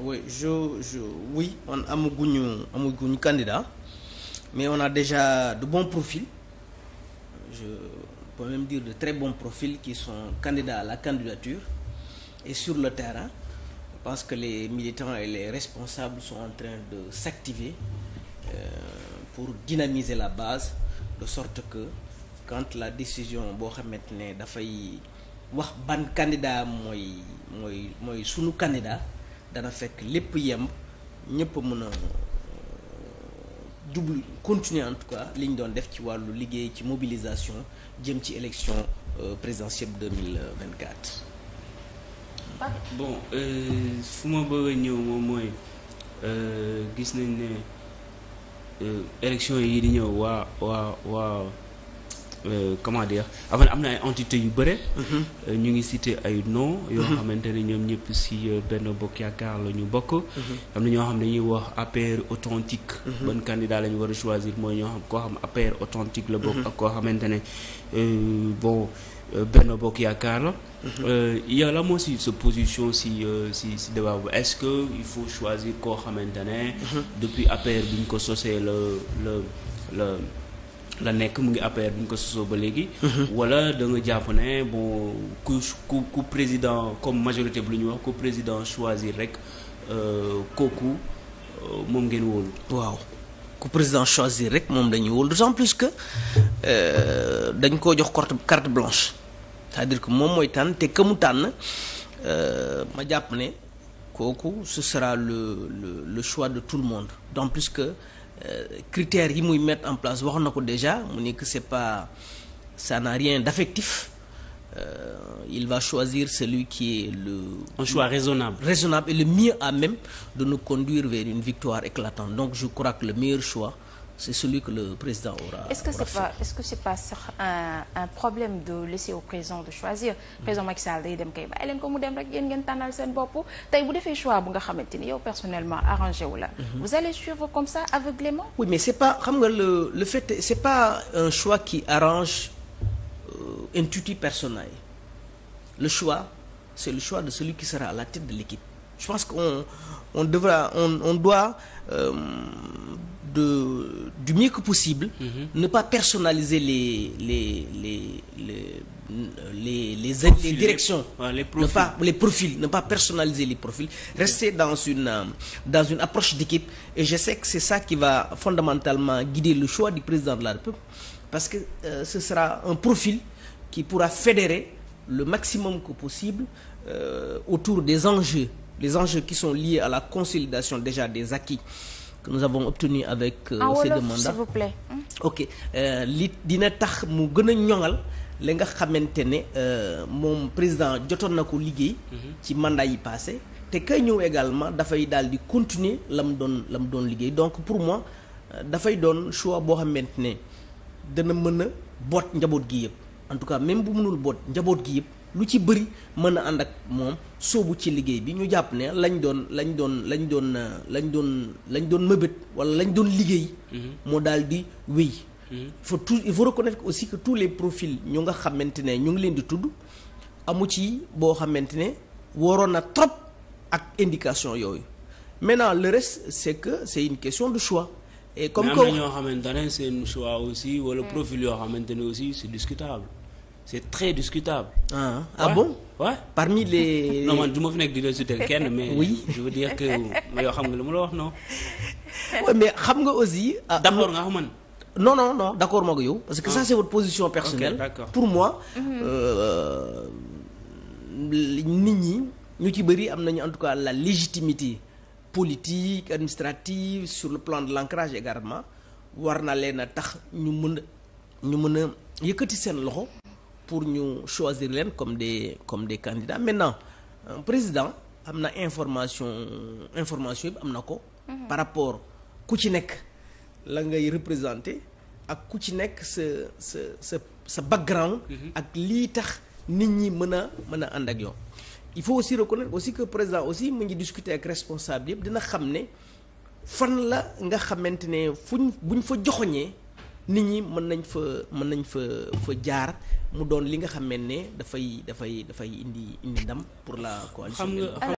oui je je oui on amaguñu amaguñu candidat mais on a déjà de bons profils je peux même dire de très bons profils qui son candidats à la candidature et sur le terrain parce que les militants et les responsables son en train de s'activer euh, pour dynamiser la base de sorte que quand la décision boo xamante ne dafay wax ban candidat mooy mooy mooy sunu candidat dana fekk lépp yemb ñëpp mën a jublu continuer en tout cas li ñu doon def ci wàllu liggéey ci mobilisation jëm ci élection euh, présidentielle 2024 ah, bon euh, fu ma bëgg a ñëw moom mooy euh, gis nañ ne élection yi di ñëw waa waa waa Euh, comment dire avant am na ay entité yu bëre. Mhm. Euh, ñu ngi cité ay noms. yoo mhm. xamante ne ñoom ñëpp si euh, benn bokk yaakaar la ñu bokk. Mhm. am na ñoo xam ne ñuy wax APR authentique. ban candidat la ñu war choisir mooy ñoo xam koo xam APR authentique la bokk. ak koo xamante ne euh, bon benn bokk yaakaar la. yow la moo si sa position si si si débat est-ce que il faut choisir koo xamante ne. depuis APR bi ko sosee la la la. la nekk mu ngi APR bi ñu ko sosoo ba léegi. Mhm. wala da nga jàpp ne bon ku ku ku président comme majorité bi lu ñu wax ku président choisir rek euh, kooku euh, moom ngeen wóolu. waaw ku président choisir rek moom la ñuy wóolu d'autant plus que euh, dañ koo jox carte carte blanche c'est-à-dire que moom mooy tànn te ka mu tànn ma jàpp ne kooku ce sera le le choix de tout le monde d'autant plus que. Euh, critère yi muy mettre en place wax na ko déjà mu ni que c'est pas ça n'a rien d'affectif Euh, il va choisir celui qui est le. Un choix raisonnable. Raisonnable et le mieux à même de nous conduire vers une victoire éclatante. Donc je crois que le meilleur choix. c'est celui que le président aura. Est-ce que c'est pas est-ce que c'est pas un problème de laisser au président de choisir. Mm. président Macky Sall day dem kay bàyyi leen ko mu dem rek yéen ngeen tànnal seen bopp tey bu defee choix bu nga xamante ni yow personnellement arrangé wu la. Mm-hmm. vous allez suivre comme ça aveuglément. oui mais c'est pas xam nga le le pas un choix qui arrange euh, intuitu personnel le choix c'est le choix de celui qui sera à la tête de l'équipe je pense qu'on doit. Euh, de du mieux que possible mm -hmm. ne pas personnaliser les les les les les, les, profils, les directions les, les profils. ne pas les profils ne pas personnaliser les profils rester dans une euh, dans une approche d'équipe et je sais que c'est ça qui va fondamentalement guider le choix du président de la République parce que euh, ce sera un profil qui pourra fédérer le maximum que possible euh, autour des enjeux les enjeux qui sont liés à la consolidation déjà des acquis que nous avons obtenu avec euh, ah, ces deux mandats s'il vous plaît. ok euh, li dina tax mu gën a ñoŋal li nga xamante ne euh, moom président jotoon na ko liggéey mhm. ci mandat yi passé te kay ñëw également dafay daal di continuer la mu doon la doon liggéey donc pour moi euh, dafay doon choix boo xamante ne dana mën a boot njaboot gi yëpp en tout cas même bu mënul boot njaboot gi yëpp lu ci bëri mën a ànd ak moom soobu ci liggéey bi ñu jàpp ne lañ doon lañ doon lañ doon euh, lañ doon lañ doon mëbët wala lañ doon liggéey. Mhm. moo daal di wéy. Mhm. il faut tout il faut reconnaître aussi que tous les profils ñu nga xamante ne ñu ngi leen di tudd amu ci boo xamante ne waroon na trop ak indication yooyu maintenant le reste c' est que c' une question de choix. comme que am na ñoo xamante ne seen choix aussi wala profil yoo xamante ne aussi c' est discutable. c'est très discutable. ah, ah ouais. bon. parmi les. non du ma fi nekk di la sutel kenn mais. oui je veux dire que yoo xam nga lu ma la wax non. mais xam nga aussi. ah d'accord nga xam man. non non non d'accord moo ko yow. parce que ah. ça c'est votre position personnelle. Okay, d'accord. pour moi. Mhm. Euh, nit ñi ñu ci bëri am nañu en tout cas la légitimité politique administrative sur le plan de l'ancrage également war na leen a tax ñu mën ñu mën a yëkkati seen loxo. pour ñu choisir leen comme des comme des candidats maintenant euh, président am na information information yëpp am na ko. Mhm. par rapport ku ci nekk la ngay représenter ak ku ci nekk sa sa sa sa background. Mhm. ak lii tax nit ñi mën a mën a ànd ak yow. il faut aussi reconnaître aussi que président aussi mu ngi discuter ak responsable yëpp dina xam ne fan la nga xamante ne fuñ buñ fa joxoñee nit ñi mën nañ fa mën nañ fa fa jaar mu doon li nga xam ne dafay dafay dafay indi indi ndam pour la coalition